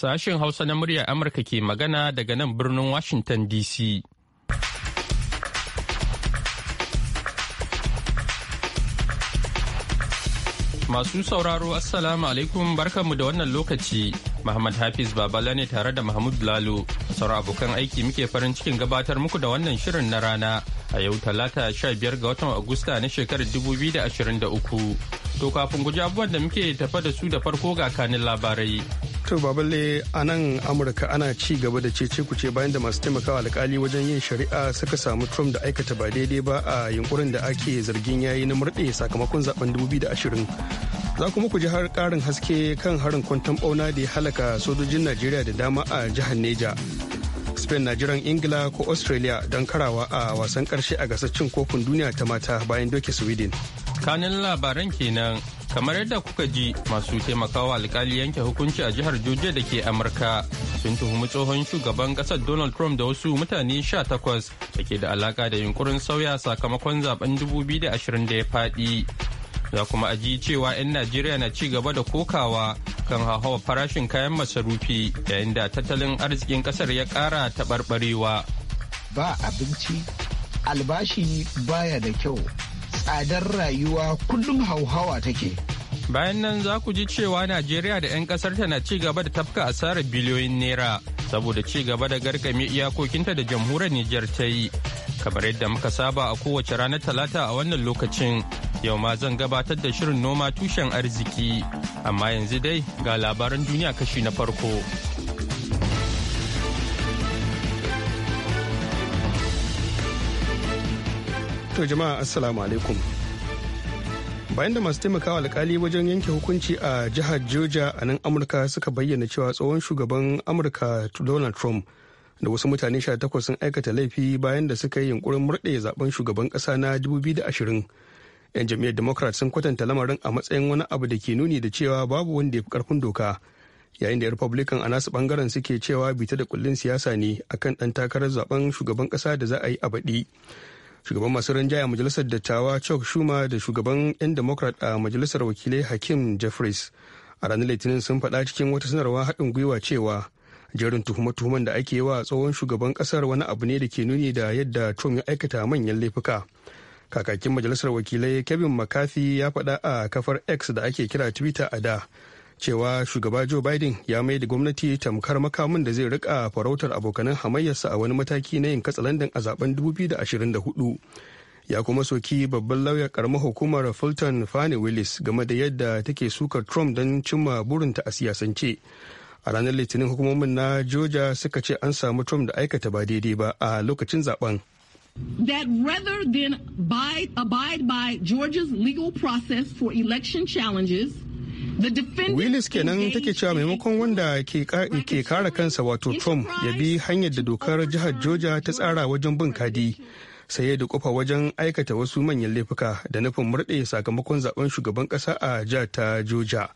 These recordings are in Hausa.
Sashen Hausa na muryar Amurka ke magana daga nan birnin Washington DC. Masu sauraro Assalamu alaikum barkanmu da wannan lokaci. Muhammad Hafiz Babala ne tare da Mahmud Lalo. Sauran abokan aiki muke farin cikin gabatar muku da wannan shirin na rana a yau talata 15 ga watan Agusta na shekarar 2023. To kafin guji abubuwan da muke tafa da su da farko ga kanin labarai. To baballe a nan Amurka ana ci gaba da cece kuce bayan da masu taimakawa alkali wajen yin shari'a suka samu Trump da aikata ba daidai ba a yunkurin da ake zargin yayi na murɗe sakamakon zaben ashirin. Za kuma ku ji har ƙarin haske kan harin kwantan bauna da ya halaka sojojin Najeriya da dama a jihar Neja. Spain na jiran Ingila ko Australia don karawa a wasan karshe a gasar cin kofin duniya ta mata bayan doke Sweden. kanin labaran kenan kamar yadda kuka ji masu taimakawa alkali yanke hukunci a jihar Georgia da ke Amurka sun tuhumi tsohon shugaban kasar Donald Trump da wasu mutane 18 da ke da alaka da yunkurin sauya sakamakon zaben 2020 da ya faɗi. Za kuma aji cewa 'yan Najeriya na ci gaba da kokawa kan hawa farashin kayan masarufi yayin da tattalin arzikin kasar ya ƙara taɓarɓarewa. Ba abinci, albashi baya da kyau. tsadar rayuwa kullum hauhawa take. Bayan nan za ku ji cewa Najeriya da 'yan kasar na ci gaba da tafka asarar biliyoyin naira saboda ci gaba da garkame iyakokinta da jamhuriyar Nijar ta yi. Kamar yadda muka saba a kowace ranar talata a wannan lokacin yau ma zan gabatar da shirin noma tushen arziki. Amma yanzu dai ga labaran duniya kashi na farko. To jama'a assalamu alaikum. Bayan da masu taimakawa alkali wajen yanke hukunci a jihar Georgia a nan Amurka suka bayyana cewa tsohon shugaban Amurka Donald Trump da wasu mutane 18 sun aikata laifi bayan da suka yi yunkurin murɗe zaben shugaban ƙasa na 2020. 'Yan jam'iyyar Democrat sun kwatanta lamarin a matsayin wani abu da ke nuni da cewa babu wanda ya fi ƙarfin doka. yayin da republican a nasu bangaren suke cewa bita da kullin siyasa ne akan dan takarar zaben shugaban ƙasa da za a yi a baɗi shugaban masu rinjaya majalisar dattawa chuck schumer da shugaban 'yan democrat a majalisar wakilai hakim jeffries a ranar litinin sun faɗa cikin wata sanarwa haɗin gwiwa cewa jerin tuhume-tuhumen da ake wa tsohon shugaban ƙasar wani abu ne da ke nuni da yadda trump ya aikata manyan laifuka kakakin majalisar wakilai kevin mccarthy ya faɗa a kafar x da ake kira twitter a da cewa shugaba joe biden ya mai da gwamnati tamkar makamin da zai rika farautar abokanan hamayyarsa a wani mataki na yin katsalandan a zaben 2024 ya kuma soki babban lauya karamar hukumar fulton fane willis game da yadda take sukar trump don cimma burinta a siyasance a ranar litinin hukumomin na georgia suka ce an samu trump da aikata ba daidai ba a lokacin zaben that rather than abide, abide by Georgia's legal process for election challenges, Willis kenan take cewa maimakon wanda ke kara kansa wato Trump ya bi hanyar da dokar jihar Georgia ta tsara wajen bin kadi. saye da kofa wajen aikata wasu manyan laifuka da nufin murɗe sakamakon zaben shugaban ƙasa a jihar ta Georgia.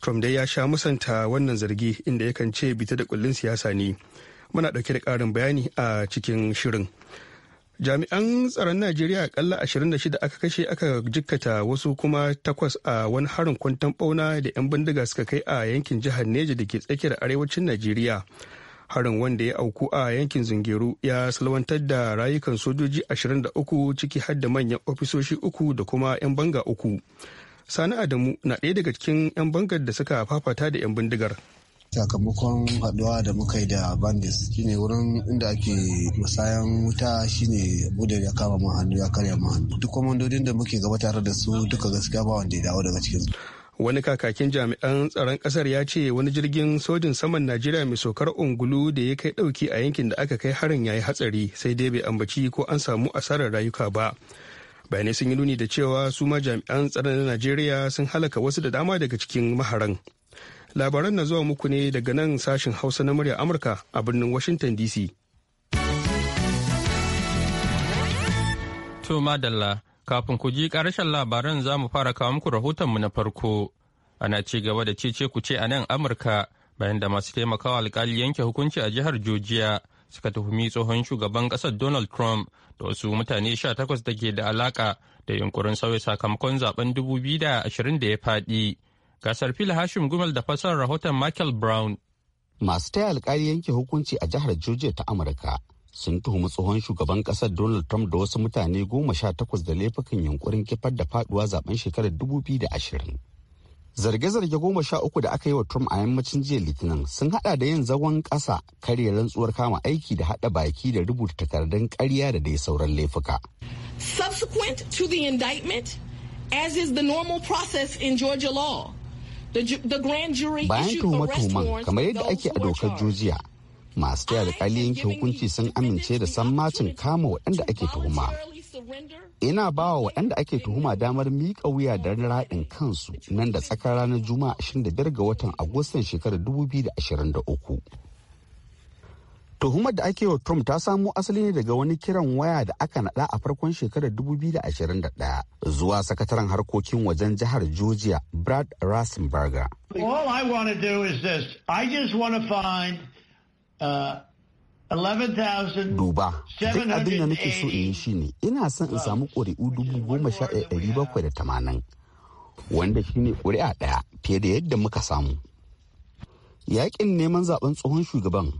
Trump dai ya sha musanta wannan zargi inda yakan ce bita da kullun siyasa ne. Muna ɗauke da ƙarin bayani a cikin shirin. jami'an tsaron najeriya akalla 26 aka kashe aka jikkata wasu kuma takwas a wani harin kwantan bauna da 'yan bindiga suka kai a yankin jihar neja da ke tsakiyar arewacin najeriya harin wanda ya auku a yankin zungeru ya salwantar da rayukan sojoji 23 ciki har da manyan ofisoshi uku da kuma 'yan banga uku sani adamu na ɗaya daga cikin 'yan bangar da suka fafata da 'yan bindigar sakamakon haduwa da muka yi da bandits shine wurin inda ake musayan wuta shine bude ya kama mu hannu ya karya mu hannu duk komandodin da muke gaba tare da su duka gaskiya ba wanda ya dawo daga cikin su wani kakakin jami'an tsaron kasar ya ce wani jirgin sojin saman najeriya mai saukar ungulu da ya kai dauki a yankin da aka kai harin ya yi hatsari sai dai bai ambaci ko an samu asarar rayuka ba bayanai sun yi nuni da cewa su ma jami'an tsaron najeriya sun halaka wasu da dama daga cikin maharan labaran na zuwa muku ne daga nan sashen hausa na murya amurka a birnin washington dc to madalla kafin ku ji karshen labaran za mu fara kawo muku rahotonmu na farko ana ci gaba da cece ku ce a nan amurka bayan da masu taimakawa alkali yanke hukunci a jihar georgia suka tuhumi tsohon shugaban kasar donald trump da wasu mutane 18 da ke da alaka da yunkurin sauya sakamakon zaben 2020 da ya faɗi. Gasar fil Hashim Gumel da fasar rahoton Michael Brown. Masu taya alkali yanke hukunci a jihar Georgia ta Amurka sun tuhumi tsohon shugaban kasar Donald Trump da wasu mutane goma sha takwas da laifukan yunkurin kifar da faduwa zaben shekarar dubu biyu da ashirin. Zarge-zarge goma sha uku da aka yi wa Trump a yammacin jiya Litinin sun hada da yin zagon kasa karya rantsuwar kama aiki da hada baki da rubuta takardun karya da dai sauran laifuka. Subsequent to the indictment, as is the normal process in Georgia law, bayan tuhuma-tuhuman kamar yadda ake a dokar jojiya masu taya da kali yanke hukunci sun amince da sammacin kama waɗanda ake tuhuma ina ba wa waɗanda ake tuhuma damar miƙa wuya da raɗin kansu nan da tsakar ranar juma'a 25 ga watan agustan shekarar 2023 Tuhumar da ake wa Trump ta samo asali ne daga wani kiran waya da aka naɗa a farkon shekarar 2021 zuwa sakataren harkokin wajen jihar Georgia Brad Rasenberger. All I want to do is this. I just want to find uh, Duba, duk abin da nake so in yi shi ne, ina son in samu ƙuri'u dubu goma sha ɗaya ɗari bakwai da tamanin wanda shi ne ƙuri'a ɗaya fiye da yadda muka samu. Yaƙin neman zaɓen tsohon shugaban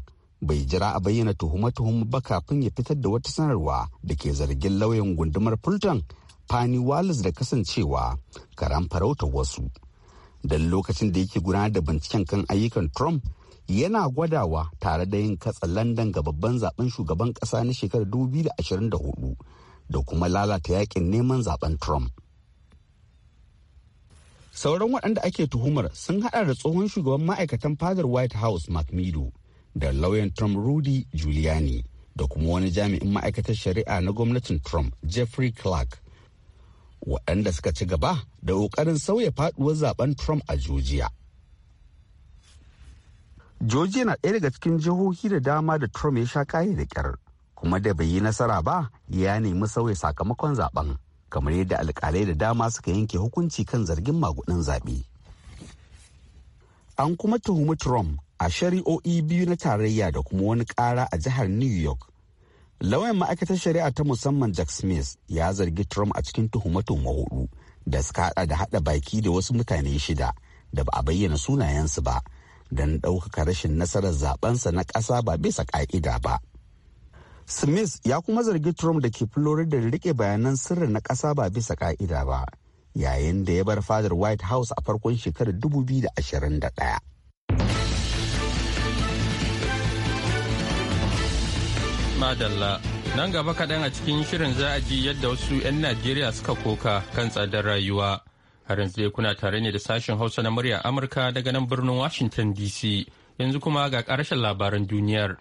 bai jira a bayyana tuhume-tuhume ba kafin ya fitar da wata sanarwa da ke zargin lauyan gundumar fulton fani wallace da kasancewa karan farauta wasu don lokacin da yake gudanar da binciken kan ayyukan trump yana gwadawa tare da yin katsa landan ga babban zaben shugaban kasa na shekarar 2024 da kuma lalata yakin neman zaben trump sauran waɗanda ake tuhumar sun haɗa da tsohon shugaban ma'aikatan fadar white house mark meadow da lauyan Trump Rudy Giuliani da kuma wani jami'in ma'aikatar shari'a na gwamnatin Trump Jeffrey Clark waɗanda suka ci gaba da ƙoƙarin sauya faɗuwar zaben Trump a Georgia. Georgia na ɗaya daga cikin jihohi da dama da Trump ya sha kaye da ƙyar, kuma da bai yi nasara ba ya nemi sauya sakamakon zaben, kamar yadda alƙalai da dama suka yanke hukunci kan zargin maguɗin zaɓe. An kuma tuhumi Trump a shari'o'i biyu na tarayya da kuma wani kara a jihar new york lauyan ma'aikatar shari'a ta musamman jack smith ya zargi trump a cikin tuhume-tuhume hudu da suka hada da hada baki da wasu mutane shida da ba a bayyana sunayensu ba don ɗaukaka rashin nasarar zabensa na ƙasa ba bisa ƙa'ida ba smith ya kuma zargi trump da ke florida da rike bayanan sirri na ƙasa ba bisa ƙa'ida ba yayin da ya bar fadar white house a farkon shekarar 2021 Madalla. Nan gaba kaɗan a cikin shirin za a ji yadda wasu 'yan Najeriya suka koka kan tsadar rayuwa. Har yanzu dai kuna tare ne da sashen Hausa na murya Amurka daga nan birnin Washington DC. Yanzu kuma ga ƙarshen labaran duniyar.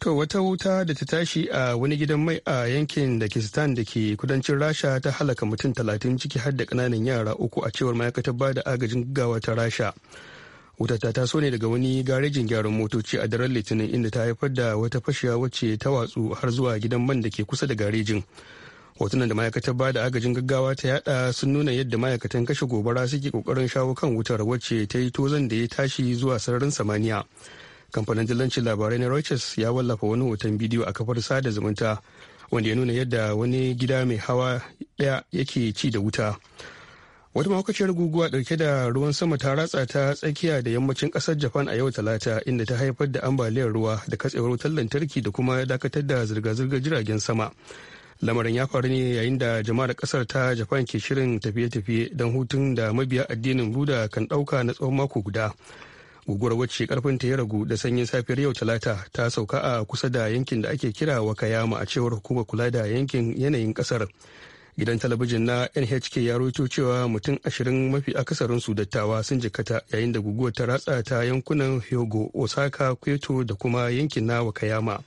To wata wuta da ta tashi a wani gidan mai a yankin da Kistan da ke kudancin Rasha ta halaka mutum talatin ciki har da ƙananan yara uku a cewar ma'aikatar ba da agajin gawa ta Rasha. wuta ta taso ne daga wani garejin gyaran motoci a daren litinin inda ta haifar da wata fashiya wacce ta watsu har zuwa gidan man da ke kusa da garejin hotunan da ma'aikatar ba da agajin gaggawa ta yada sun nuna yadda ma'aikatan kashe gobara suke kokarin shawo kan wutar wacce ta yi tozan da ya tashi zuwa sararin samaniya kamfanin dillancin labarai na reuters ya wallafa wani hoton bidiyo a kafar sada zumunta wanda ya nuna yadda wani gida mai hawa daya yake ci da wuta wata mahaukaciyar guguwa dauke da ruwan sama ta ratsa ta tsakiya da yammacin kasar japan a yau talata inda ta haifar da ambaliyar ruwa da katsewar wutar lantarki da kuma dakatar da zirga-zirgar jiragen sama lamarin ya faru ne yayin da jama'ar kasar ta japan ke shirin tafiye-tafiye don hutun da mabiya addinin buda kan dauka na tsawon mako guda guguwar wacce karfin ta ya ragu da sanyin safiyar yau talata ta sauka a kusa da yankin da ake kira wakayama a cewar hukumar kula da yankin yanayin kasar gidan talabijin na nhk ya roto cewa mutum ashirin mafi akasarin su dattawa sun jikata yayin da guguwar ta ratsa ta yankunan hyogo osaka kweto da kuma yankin na wakayama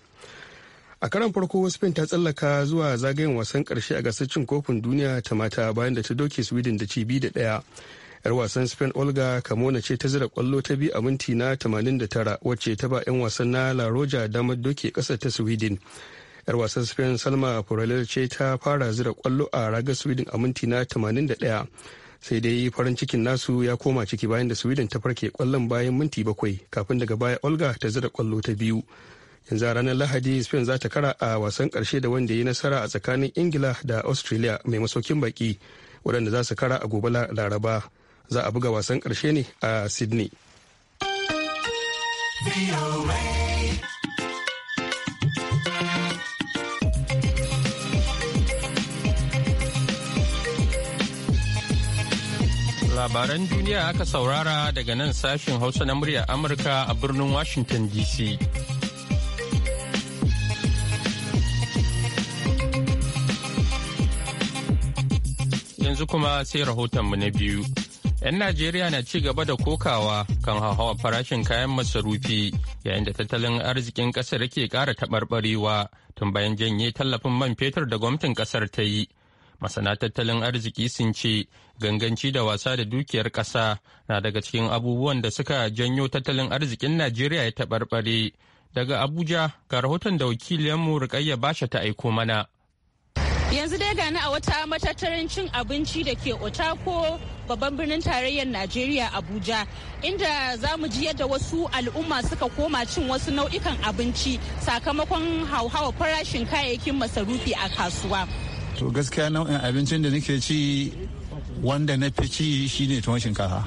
a karan farko spain ta tsallaka zuwa zagayen wasan karshe a gasar cin kofin duniya ta mata bayan da ta doke sweden da cibi da daya yar wasan spain olga kamona ce ta zira kwallo ta bi a minti na 89 wacce ta ba 'yan wasan na la roja damar doke kasar ta sweden yar wasan spain salma puralel ce ta fara zira kwallo a ragar sweden a minti na 81 sai dai farin cikin nasu ya koma ciki bayan da sweden ta farke kwallon bayan minti bakwai kafin daga baya olga ta zira kwallo ta biyu yanzu ranar lahadi spain za ta kara a wasan karshe da wanda ya nasara a tsakanin ingila da australia mai masaukin baki waɗanda za su kara a gobe laraba za a buga wasan karshe ne a sydney Labaran duniya aka saurara daga nan sashen Hausa na murya Amurka a birnin Washington DC. Yanzu kuma sai rahotonmu na biyu. 'Yan Najeriya na ci gaba da kokawa kan hauhawa farashin kayan masarufi yayin da tattalin arzikin ƙasar ke ƙara taɓarɓarewa tun bayan janye tallafin man fetur da gwamnatin ƙasar ta yi. masana tattalin arziki sun ce ganganci da wasa da dukiyar ƙasa na daga cikin abubuwan da suka janyo tattalin arzikin najeriya ya taɓarɓare daga abuja ga rahoton da mu rikayya basha ta aiko mana yanzu dai gani a wata matattarin cin abinci da ke otako babban birnin tarayyar najeriya abuja inda za mu ji yadda wasu al'umma suka koma cin wasu nau'ikan abinci sakamakon hauhawa farashin kayayyakin masarufi a kasuwa to gaskiya nau'in abincin da nake ci wanda na fi ci shine tuwon shinkafa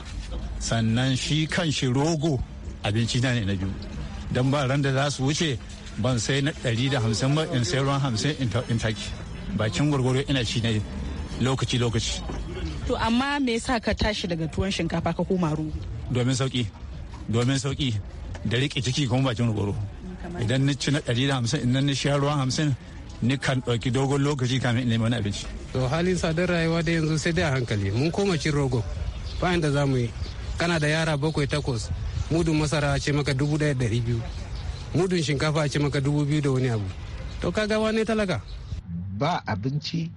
sannan shi kan shi rogo abinci na ne na biyu don ba ran da za su wuce ban sai na ɗari da hamsin ba in sai ruwan hamsin in taki bakin gwargwaro ina ci ne lokaci lokaci to amma me yasa ka tashi daga tuwon shinkafa ka koma rogo domin sauki domin sauki da riƙe ciki kuma bakin gwargwaro idan na ci na ɗari da hamsin idan na sha ruwan hamsin ni kan ɗauki dogon lokaci kamin in nemi abinci. to halin sadar rayuwa da yanzu sai dai a hankali mun koma cin rogo bayan da za mu yi kana da yara bakwai takwas mudun masara ce maka dubu ɗaya ɗari biyu mudun shinkafa ce maka dubu biyu da wani abu to ka gawa ne talaka. ba abinci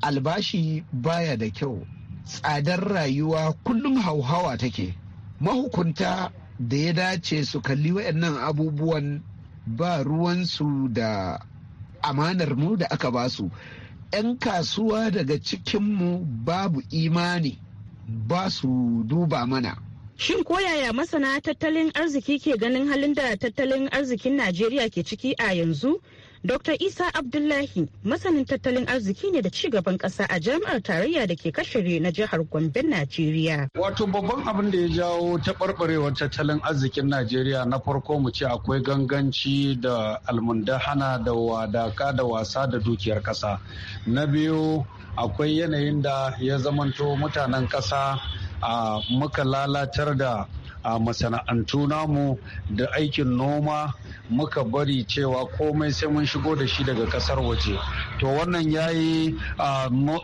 albashi baya da kyau tsadar rayuwa kullum hauhawa take mahukunta da ya dace su kalli waɗannan abubuwan ba ruwansu da amanar mu da aka ba su, 'yan kasuwa daga cikinmu babu imani ba su duba mana Shin koyaya masana tattalin arziki ke ganin halin da tattalin arzikin Najeriya ke ciki a yanzu Dr. Isa Abdullahi masanin tattalin arziki ne da cigaban ƙasa a jami'ar tarayya da ke kashire na jihar Gombe Najeriya. Wato babban abin da ya jawo taɓarɓarewar tattalin arzikin Najeriya na farko mu ce akwai ganganci da almundahana da wadaka da wasa da dukiyar ƙasa. Na biyu akwai yanayin da ya zamanto mutanen ƙasa a muka lalatar da a masana'antu namu da aikin noma muka bari cewa komai sai mun shigo da shi daga kasar waje to wannan ya yi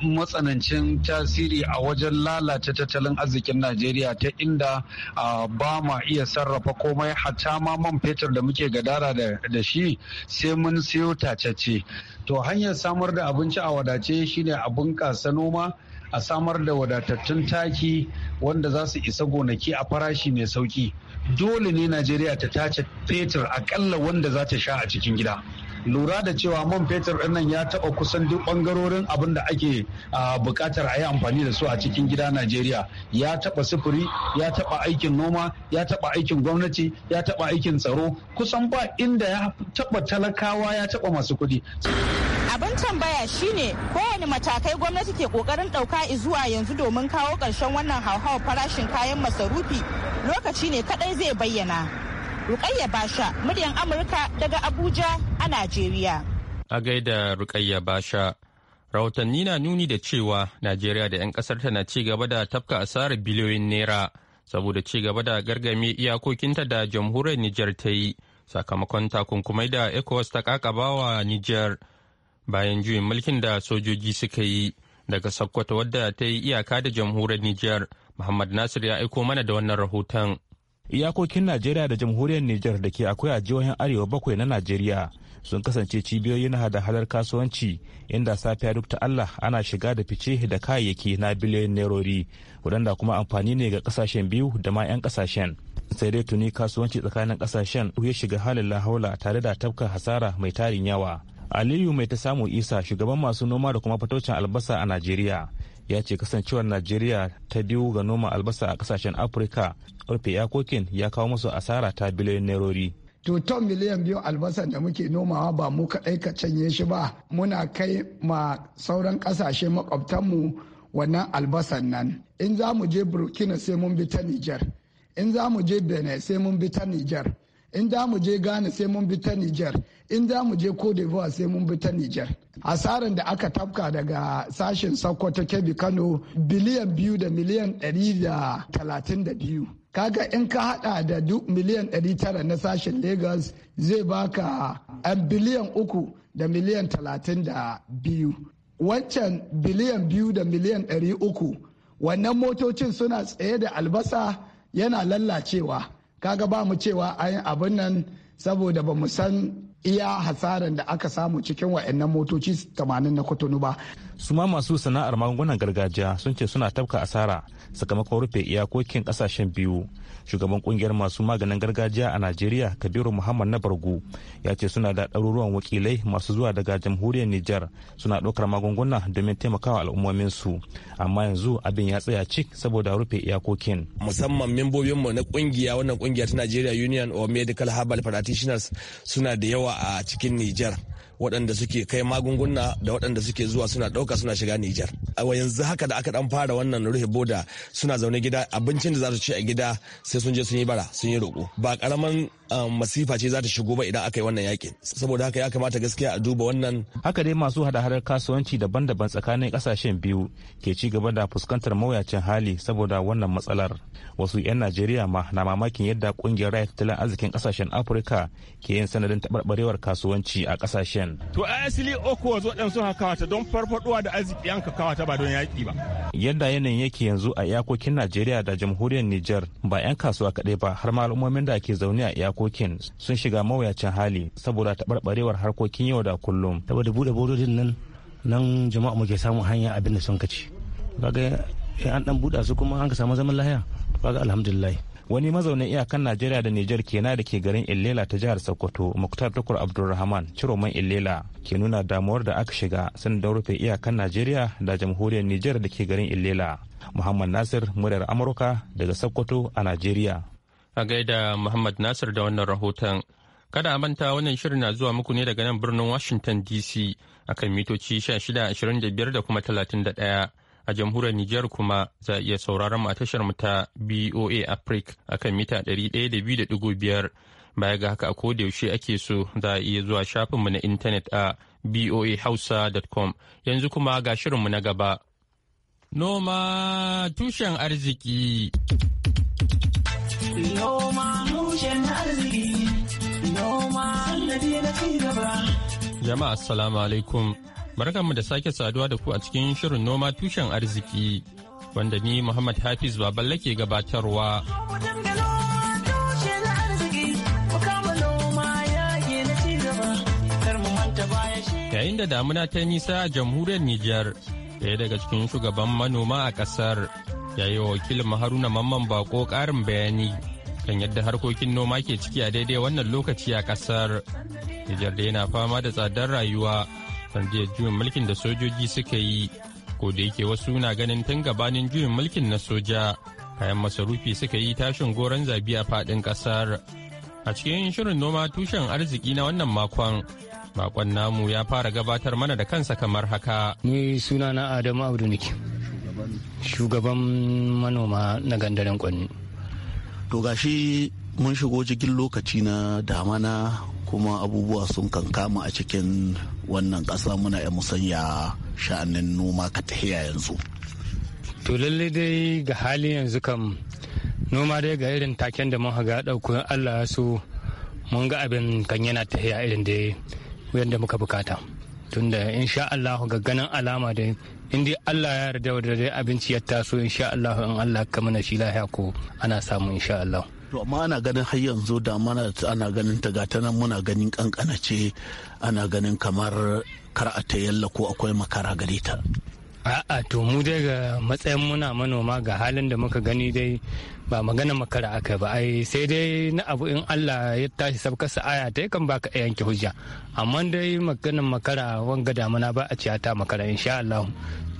matsanancin tasiri a wajen lalata tattalin arzikin najeriya ta inda ba ma iya sarrafa komai hatta ma man fetur da muke gadara da shi sai mun siyo tacece to hanyar samar da abinci a wadace shine a bunkasa noma a samar da wadatattun taki wanda za su isa gonaki a farashi mai sauki dole ne najeriya ta tace fetur akalla wanda za ta sha a cikin gida lura da cewa man fetur ɗinnan nan ya taɓa kusan duk ɓangarorin abin da ake buƙatar a yi amfani da su a cikin gida Najeriya ya taɓa sufuri ya taɓa aikin noma ya taɓa aikin gwamnati ya taɓa aikin tsaro kusan ba inda ya taɓa talakawa ya taɓa masu kuɗi. Abin tambaya shine kowane matakai gwamnati ke kokarin dauka zuwa yanzu domin kawo ƙarshen wannan hauhawar farashin kayan masarufi lokaci ne kadai zai bayyana. Rukayya Basha, muryan Amurka daga Abuja a Najeriya. A gaida Rukayya Basha, rahotanni na nuni da cewa Najeriya da 'yan kasar ta na ci gaba da tafka asarar biliyoyin naira saboda ci gaba da gargame iyakokinta da jamhuriyar Nijar ta yi sakamakon takunkumai da ECOWAS ta kakabawa Nijar. Niger. bayan juyin mulkin da sojoji suka yi daga Sokoto wadda ta yi iyaka da jamhuriyar Nijar. Muhammad Nasir ya aiko mana da wannan rahoton. Iyakokin Najeriya da jamhuriyar Nijar da ke akwai a jihohin Arewa bakwai na Najeriya sun kasance cibiyoyi na hada-hadar kasuwanci inda safiya duk ta Allah ana shiga da fice da kayayyaki na biliyoyin nerori waɗanda kuma amfani ne ga kasashen biyu da ma 'yan kasashen. sai dai tuni kasuwanci tsakanin kasashen ya shiga halin lahaula tare da tafka hasara mai tarin yawa aliyu mai ta samu isa shugaban masu noma da kuma fatocin albasa a najeriya ya ce kasancewar najeriya ta biyu ga noma albasa a kasashen afirka rufe yakokin ya kawo musu asara ta biliyon nerori to ton miliyan biyu albasan da muke nomawa ba mu kaɗai ka canye shi ba muna kai ma sauran kasashe makwabtanmu wannan albasan nan in za mu je burkina sai mun bi ta nijar in za mu je benin sai mun bi ta nijar in da mu je Ghana sai mun bi ta Niger in da mu je Cote d'Ivoire sai mun bi ta Niger asaran da aka tafka daga sashen Sokoto Kebbi Kano biliyan biyu da miliyan ɗari da talatin da biyu kaga in ka hada da duk miliyan 900 na sashen lagos zai baka yan biliyan uku da miliyan 32 wancan biliyan biyu da miliyan 300 wannan motocin suna tsaye da albasa yana lallacewa kaga ba mu cewa ayin abin nan saboda ba mu san iya hasaran da aka samu cikin wa'annan motoci 80 na kotunu ba. su ma masu sana'ar magungunan gargajiya sun ce suna tabka asara sakamakon rufe iyakokin kasashen biyu shugaban kungiyar masu maganin gargajiya a najeriya kabiru muhammad na bargu ya ce suna da ɗaruruwan wakilai masu zuwa daga jamhuriyar nijar suna ɗaukar magunguna domin taimakawa su amma yanzu abin ya tsaya cik saboda rufe iyakokin musamman membobin mu na kungiya wannan kungiya ta nigeria union of medical herbal practitioners suna da yawa a cikin nijar waɗanda suke kai magunguna da waɗanda suke zuwa suna ɗauka suna shiga Nijar. A yanzu haka da aka ɗan fara wannan rufe boda suna zaune gida abincin da za su ci a gida sai sun je sun yi bara sun yi roƙo. Ba ƙaraman Um, masifa ce za ta shigo ba idan aka yi wannan yakin saboda haka ya kamata gaskiya a duba wannan haka dai masu hada-hadar kasuwanci daban-daban tsakanin kasashen biyu ke ci gaba da fuskantar mawuyacin hali saboda wannan matsalar wasu 'yan najeriya ma na mamakin yadda kungiyar raya tattalin arzikin kasashen afirka ke yin sanadin taɓarɓarewar kasuwanci a kasashen to a asili oko wazo waɗansu sun kawata don farfaɗuwa da arziki yanka kawata ba don yaƙi ba yadda yanayin yake yanzu a iyakokin najeriya da jamhuriyar niger ba 'yan kasuwa kaɗai ba har ma al'ummomin da ke zaune a harkokin sun shiga mawuyacin hali saboda taɓarɓarewar harkokin yau da kullum saboda buɗe bododin nan nan jama'a ke samun hanya abin da sun kaci kaga an dan buɗa su kuma an ka samu zaman lahiya kaga alhamdulillah wani mazaunin iyakan najeriya da nijar kena da ke garin illela ta jihar sokoto muktar tukur abdulrahman ciroman illela ke nuna damuwar da aka shiga sun da rufe iyakan najeriya da jamhuriyar nijar da ke garin illela muhammad nasir muryar amurka daga sokoto a najeriya a gaida Muhammad Nasir da wannan rahoton. Kada a manta wannan shirin na zuwa muku ne daga nan birnin Washington DC akan mitoci 1625 da kuma 31 a jamhuriyar Nijar kuma za a iya sauraron mu a tashar mu ta BOA Africa akan mita 102.5 baya ga haka a yaushe ake so za a iya zuwa shafinmu na intanet a boahausa.com yanzu kuma ga shirinmu na gaba. Noma tushen arziki. Noma tushen arziki. Noma Jama'a assalamu alaikum. Barkanmu da sake saduwa da ku a cikin shirin noma tushen arziki wanda ni Muhammad Hafiz Baballe ke gabatarwa. Yayin da damuna ta nisa a jamhuriyar Nijar ɗaya daga cikin shugaban manoma a ƙasar ya yi wakilin maharuna mamman bako ƙarin bayani kan yadda harkokin noma ke ciki a daidai wannan lokaci a ƙasar nijar da yana fama da tsadar rayuwa sanadiyar juyin mulkin da sojoji suka yi ko da yake wasu na ganin tun gabanin juyin mulkin na soja kayan masarufi suka yi tashin goron zabi a faɗin ƙasar a cikin shirin noma tushen arziki na wannan makon Bakon namu ya fara gabatar mana da kansa kamar haka. Ni suna na Adamu Abdu nake. Shugaban manoma na gandaren kwanni. To gashi mun shigo cikin lokaci na damana kuma abubuwa sun kankama a cikin wannan ƙasa muna ya musanya sha'anin noma ka tahiya yanzu. To lallai dai ga hali yanzu kam noma dai ga irin taken da mun haga ɗauko Allah ya so mun ga abin kan yana tahiya irin da yadda muka bukata tunda sha Allah ganin alama da in dai Allah ya yarda da dai abinci ya taso sha Allah in Allah ka mana shi lahiya ko ana samu sha Allah to amma ana ganin har yanzu da mana ana ganin ta gata nan muna ganin kankana ce ana ganin kamar kar a ta yalla ko akwai makara gare ta a'a to mu dai ga matsayin muna manoma ga halin da muka gani dai ba magana makara aka ba ai sai dai na abu in Allah ya tashi sabkar aya ta kan baka a yanke hujja amma dai magana makara wanga damana ba a ciyata makara insha Allah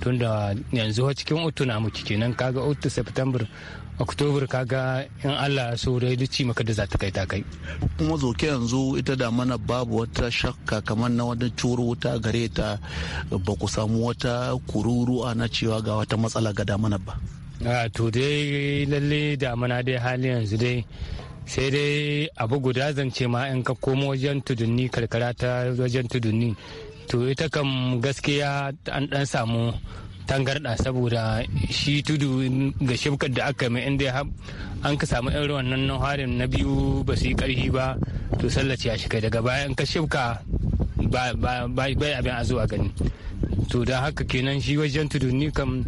tunda yanzu cikin utuna muke kenan kaga utu September oktobar kaga in allah so dai duci maka da za ta kai ta kai kuma zoke yanzu ita da mana babu wata shakka kamar na wani curo ta gare ta ba ku samu wata kururuwa na cewa ga wata matsala ga damana ba to dai lalle damana dai hali yanzu dai sai dai abu guda zance ma in ka komo wajen tudunni karkara ta wajen tudunni to ita kam gaskiya an dan samu tangarɗa saboda shi tudu ga shifkar da aka mai inda an ka samu irin wannan nan harin na biyu ba su yi ƙarfi ba to sallace ya shiga daga baya in ka shifka ba abin a zuwa gani to don haka kenan shi wajen tudu ni kam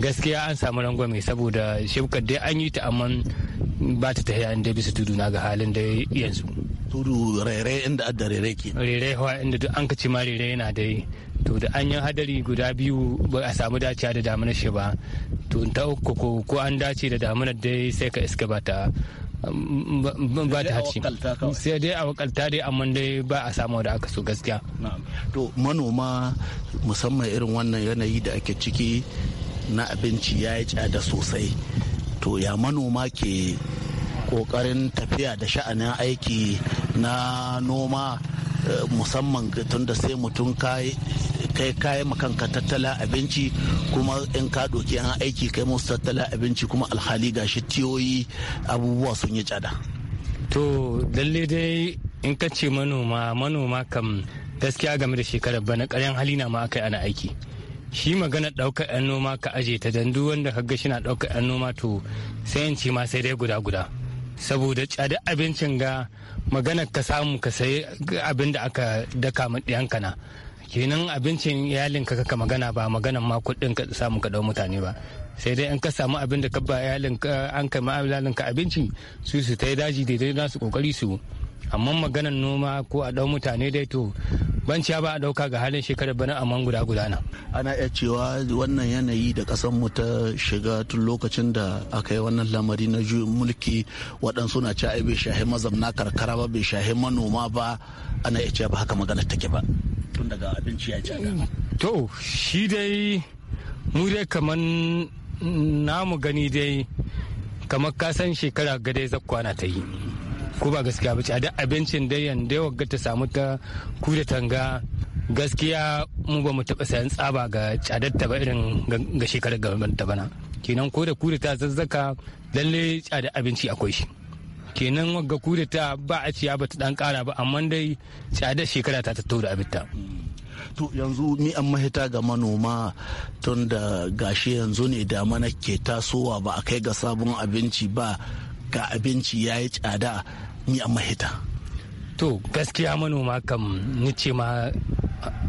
gaskiya an samu rangwame saboda shifkar dai an yi ta amma ba ta tafiya inda bisa tudu na ga halin da yanzu. Tudu rere inda adda rere ke. Rere hawa inda duk an ci ma rere yana da to da an yi hadari guda biyu ba a samu dacewa da damunar shi ba to ta uku ko an dace da damunar dai sai ka iska ba ta ba ta haci sai dai a wakalta dai amma dai ba a samu da aka so gaskiya to manoma musamman irin wannan yanayi da ake ciki na abinci ya yi tsada sosai to ya manoma ke kokarin tafiya da sha'anin aiki na noma eh, musamman tun da sai mutum ka kai kayan makanka tattala abinci kuma in ka doki yan aiki kai musu tattala abinci kuma alhali gashi tiyoyi abubuwa sun yi tsada. to lalle dai in ka ce manoma manoma kam gaskiya game da shekarar bana karyan hali na ma aka ana aiki shi magana ɗaukar 'yan noma ka aje ta dan duk wanda ka ga shi na ɗaukar 'yan noma to sai in ma sai dai guda guda saboda tsada abincin ga magana ka samu ka sayi abin da aka daka ma ɗiyanka na kenan abincin iyalin ka kaka magana ba maganan ma kuɗin ka samu ka dau mutane ba sai dai an ka samu abin da ka ba iyalin ka an kai ma ka abinci su su tai daji daidai na su kokari su amma maganan noma ko a dau mutane dai to ban ciya ba a dauka ga halin shekarar bana amma guda guda na ana iya cewa wannan yanayi da kasan mu ta shiga tun lokacin da aka yi wannan lamari na juyin mulki waɗansu na ci ai bai shahi mazamna karkara ba bai shahi manoma ba ana iya cewa ba haka magana take ba tun daga abinci ya jaga to shi dai mu dai kaman namu gani dai kamar ka san shekara gade zakwana ta yi ko ba gaskiya ba ci a da abincin dai yanda yawa ta samu ta ku da tanga gaskiya mu ba mu taɓa sayan tsaba ga cadar ta ba irin ga shekarar gaban ta bana kenan ko da ku da ta zazzaka lalle cadar abinci akwai shi kenan ga kuda ta ba a ciya ba ta dan kara ba amma dai tsada shekara ta tattau da abinta to yanzu ni an mahita ga manoma tun da gashi yanzu ne da mana ke tasowa ba a kai ga sabon abinci ba ga abinci ya yi tsada ni an mahita to gaskiya manoma kam ni ce ma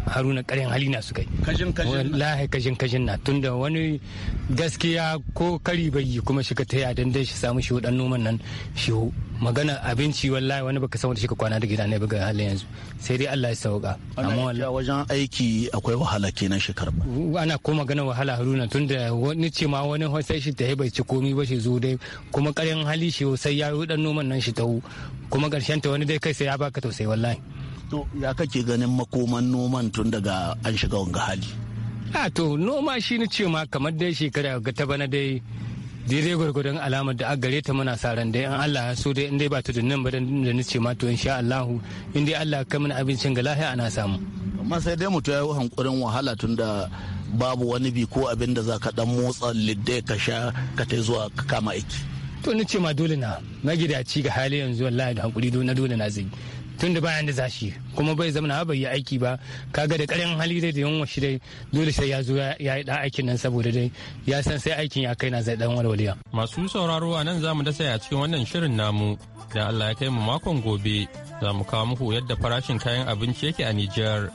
haruna karin hali na suka yi wallahi kajin kajin na tunda wani gaskiya ko kari bai yi kuma shi ka taya dan shi samu shi dan noman nan shi magana abinci wallahi wani baka san wanda shi ka kwana da gida ne buga halin yanzu sai dai Allah ya sauka amma wallahi wajen aiki akwai wahala kenan shekar ba ana ko magana wahala haruna tunda wani ce ma wani sai shi ta bai ci komi ba shi zo dai kuma karin hali shi sai ya yi dan noman nan shi tawo kuma karshen ta wani dai kai sai ya baka tausayi wallahi to ya kake ganin makoman noman tun daga an shiga wanga hali a ah, to noma shi ni ce ma kamar dai shekara ga ta bana dai daidai gwargwadon alamar da aka gare ta muna sa ran dai an Allah ya so dai in dai ba ta nan ba da ni ce ma to insha Allahu in dai Allah ka mana abincin ga lahiya ana samu amma sai dai mutum ya yi hankurin wahala tun da babu wani bi ko abin da za ka dan motsa lidde ka sha ka ta zuwa ka kama aiki to ni ce ma dole na magidaci ga hali yanzu wallahi da hankuri na dole na zai tun da bayan da za shi kuma bai zama ba yi aiki ba kaga da karin hali dai da yunwa shi dai dole sai ya zo ya yi aikin nan saboda dai ya san sai aikin ya kai na zai dan walwaliya masu sauraro a nan za mu dasa a cikin wannan shirin namu da Allah ya kai mu makon gobe za mu kawo muku yadda farashin kayan abinci yake a Nijar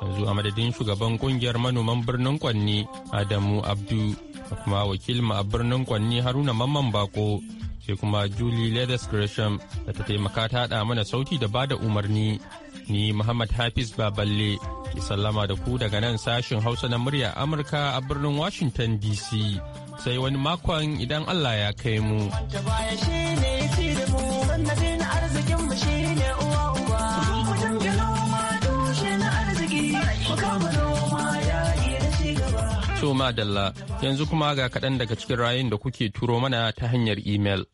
yanzu a madadin shugaban kungiyar manoman birnin Kwanni Adamu Abdu da kuma wakilin a birnin Kwanni Haruna Mamman Bako sai kuma Julie Leathers Gresham da ta taimaka ta haɗa mana sauti da bada umarni. Ni Muhammad Hafiz Baballe ke sallama da ku daga nan sashin Hausa na murya Amurka a birnin Washington DC. Sai wani makon idan Allah ya kai mu. To madalla yanzu kuma ga kaɗan daga cikin rayun da kuke turo mana ta hanyar imel.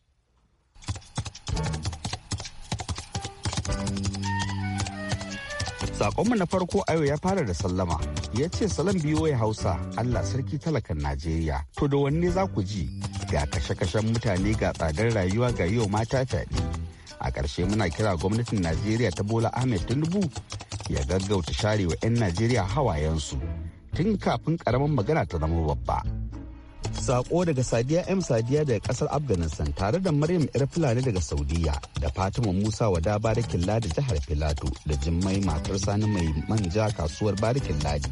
Sakonmu na farko a yau ya fara da sallama. Ya ce salam ya Hausa, Allah sarki talakan Najeriya. To da wanne za ku ji? Ga kashe-kashen mutane ga tsadar rayuwa ga yau mata fyaɗe. A ƙarshe muna kira gwamnatin Najeriya ta Bola Ahmed Tinubu ya gaggauta sharewa 'yan Najeriya hawayensu tun kafin ƙaramin magana ta zama babba. Sako daga Sadiya M Sadiya daga kasar Afghanistan tare da Maryam Yar Fulani daga Saudiya da Fatima Musa wada Barikin Ladi jihar Filato da Jimmai matar Sani mai manja kasuwar Barikin Ladi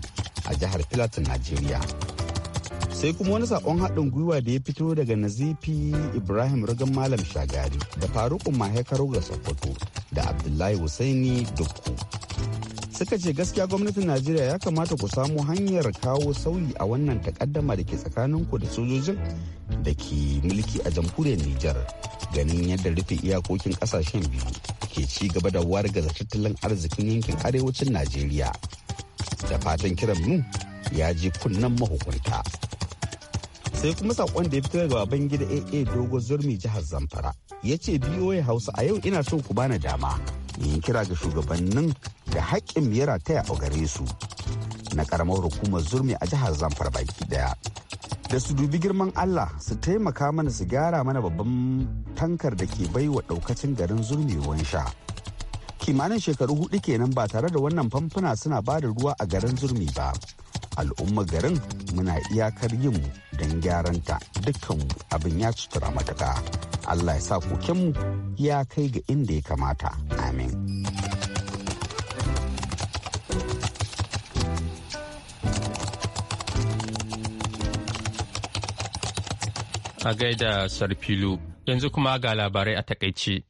a jihar Filato Najeriya. Sai kuma wani sakon haɗin gwiwa da ya fito daga Nazifi Ibrahim Ragan Malam Shagari da Faruku Mahe ga Sokoto da Abdullahi Hussaini Dukku suka ce gaskiya gwamnatin najeriya ya kamata ku samu hanyar kawo sauyi a wannan takaddama da ke tsakanin ku da sojojin da ke mulki a jamhuriyar nijar ganin yadda rufe iyakokin kasashen biyu ke ci gaba da wargaza tattalin arzikin yankin arewacin najeriya da fatan kiran mu ya ji kunnen mahukunta sai kuma sakon da ya fitar da baban gida aa dogo zurmi jihar zamfara ya ce ya hausa a yau ina so ku bani dama yin kira ga shugabannin da haƙƙin mera taya a gare su na ƙaramar hukumar zurmi a jihar zamfar baki daya da su dubi girman allah su taimaka mana su gyara mana babban tankar da ke bai wa ɗaukacin garin zurmi ruwan sha kimanin shekaru hudu kenan ba tare da wannan famfuna suna ba da ruwa a garin zurmi ba al'ummar garin muna iyakar yin don gyaranta dukkan abin ya cutura matuka Allah ya sa kokenmu ya kai ga inda ya kamata. Amin. A gaida Sarfilu, yanzu kuma ga labarai a takaice.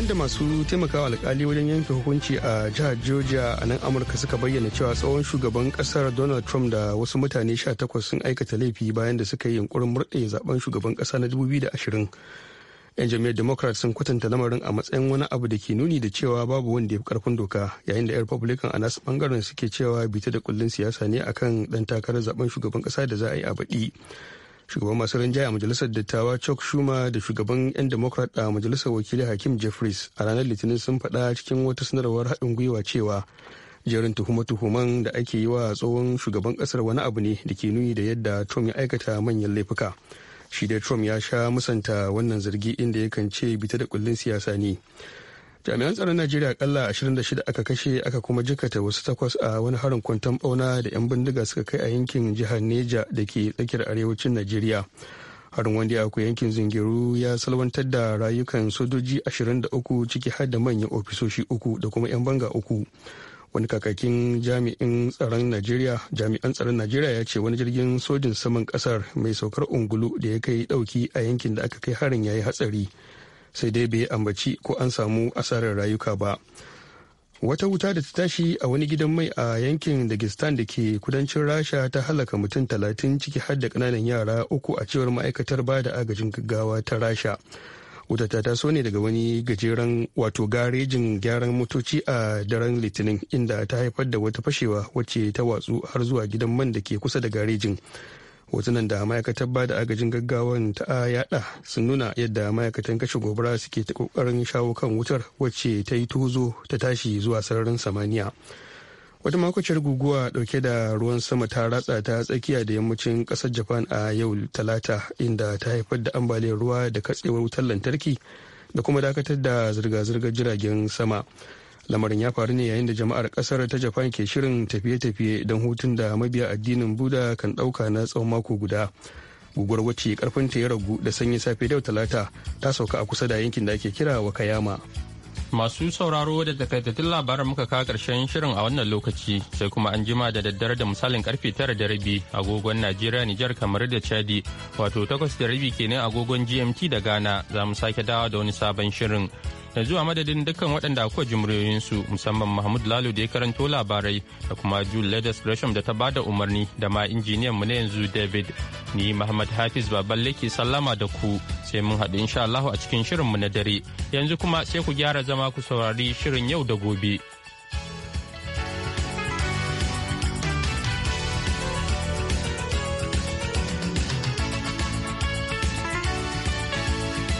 bayan da masu taimakawa alkali wajen yanke hukunci a jihar georgia a nan amurka suka bayyana cewa tsohon shugaban kasar donald trump da wasu mutane 18 sun aikata laifi bayan da suka yi yunkurin murɗe zaben shugaban kasa na 2020 'yan jami'ar democrat sun kwatanta lamarin a matsayin wani abu da ke nuni da cewa babu wanda ya fi karfin doka yayin da 'yan republican a nasu bangaren suke cewa bita da kullun siyasa ne akan dan takarar zaben shugaban kasa da za a yi a baɗi shugaban masu rinjaye a majalisar dattawa chuck schumer da shugaban 'yan democrat a majalisar wakili hakim jeffries a ranar litinin sun faɗa cikin wata sanarwar haɗin gwiwa cewa jerin tuhume-tuhumen da ake yi wa tsohon shugaban ƙasar wani abu ne da ke nuni da yadda trump ya aikata manyan laifuka shi da trump ya sha musanta wannan zargi inda yakan ce bita da kullun siyasa ne jami'an tsaron najeriya akalla 26 aka kashe aka kuma jikata wasu takwas a wani harin kwanton bauna da 'yan bindiga suka kai a yankin jihar neja da ke tsakiyar arewacin najeriya harin wanda ya yankin zingiru ya salwantar da rayukan sojoji 23 ciki har da manyan ofisoshi uku da kuma 'yan banga uku wani kakakin jami'in tsaron najeriya jami'an tsaron najeriya ya ce wani jirgin sojin saman kasar mai saukar ungulu da ya kai dauki a yankin da aka kai harin ya yi hatsari sai dai bai ambaci ko an samu asarar rayuka ba wata wuta da ta tashi a wani gidan mai a yankin dagestan da ke kudancin rasha ta halaka mutum talatin ciki har da kananan yara uku a cewar ma'aikatar ba da agajin gaggawa ta rasha wuta ta taso ne daga wani gajeren wato garejin gyaran motoci a daren litinin inda ta haifar da wata fashewa wacce ta watsu har zuwa gidan man da ke kusa da garejin hotunan da ma'aikatar da agajin gaggawan ta yada sun nuna yadda ma'aikatan kashe gobara suke ta kokarin shawo kan wutar wacce ta yi tozo ta tashi zuwa sararin samaniya wata makwacin guguwa dauke da ruwan sama ta ratsa ta tsakiya da yammacin kasar japan a yau talata inda ta haifar da ambaliyar ruwa da katsewar wutar lantarki da kuma dakatar da zirga-zirgar jiragen sama lamarin ya faru ne yayin da jama'ar kasar ta japan ke shirin tafiye-tafiye don hutun da mabiya addinin buda kan dauka na tsawon mako guda guguwar wacce karfinta ya ragu da sanyi safe da talata ta sauka a kusa da yankin da ake kira wa kayama. Masu sauraro da takaitattun labaran muka kawo karshen shirin a wannan lokaci sai kuma an jima da daddare da misalin karfe tara da rabi agogon Najeriya Nijar kamar da Chadi wato takwas da rabi kenan agogon GMT da Ghana za mu sake dawa da wani sabon shirin da zuwa madadin dukkan waɗanda kuwa jimriyoyinsu musamman Mahmud lalu da ya karanto labarai da kuma Jude ladis Gresham da ta bada umarni da ma injiniyan mu na yanzu David ni Muhammad Hafiz Baballe ke sallama da ku sai mun haɗu insha a cikin shirin mu na dare yanzu kuma sai ku gyara zama ku saurari shirin yau da gobe.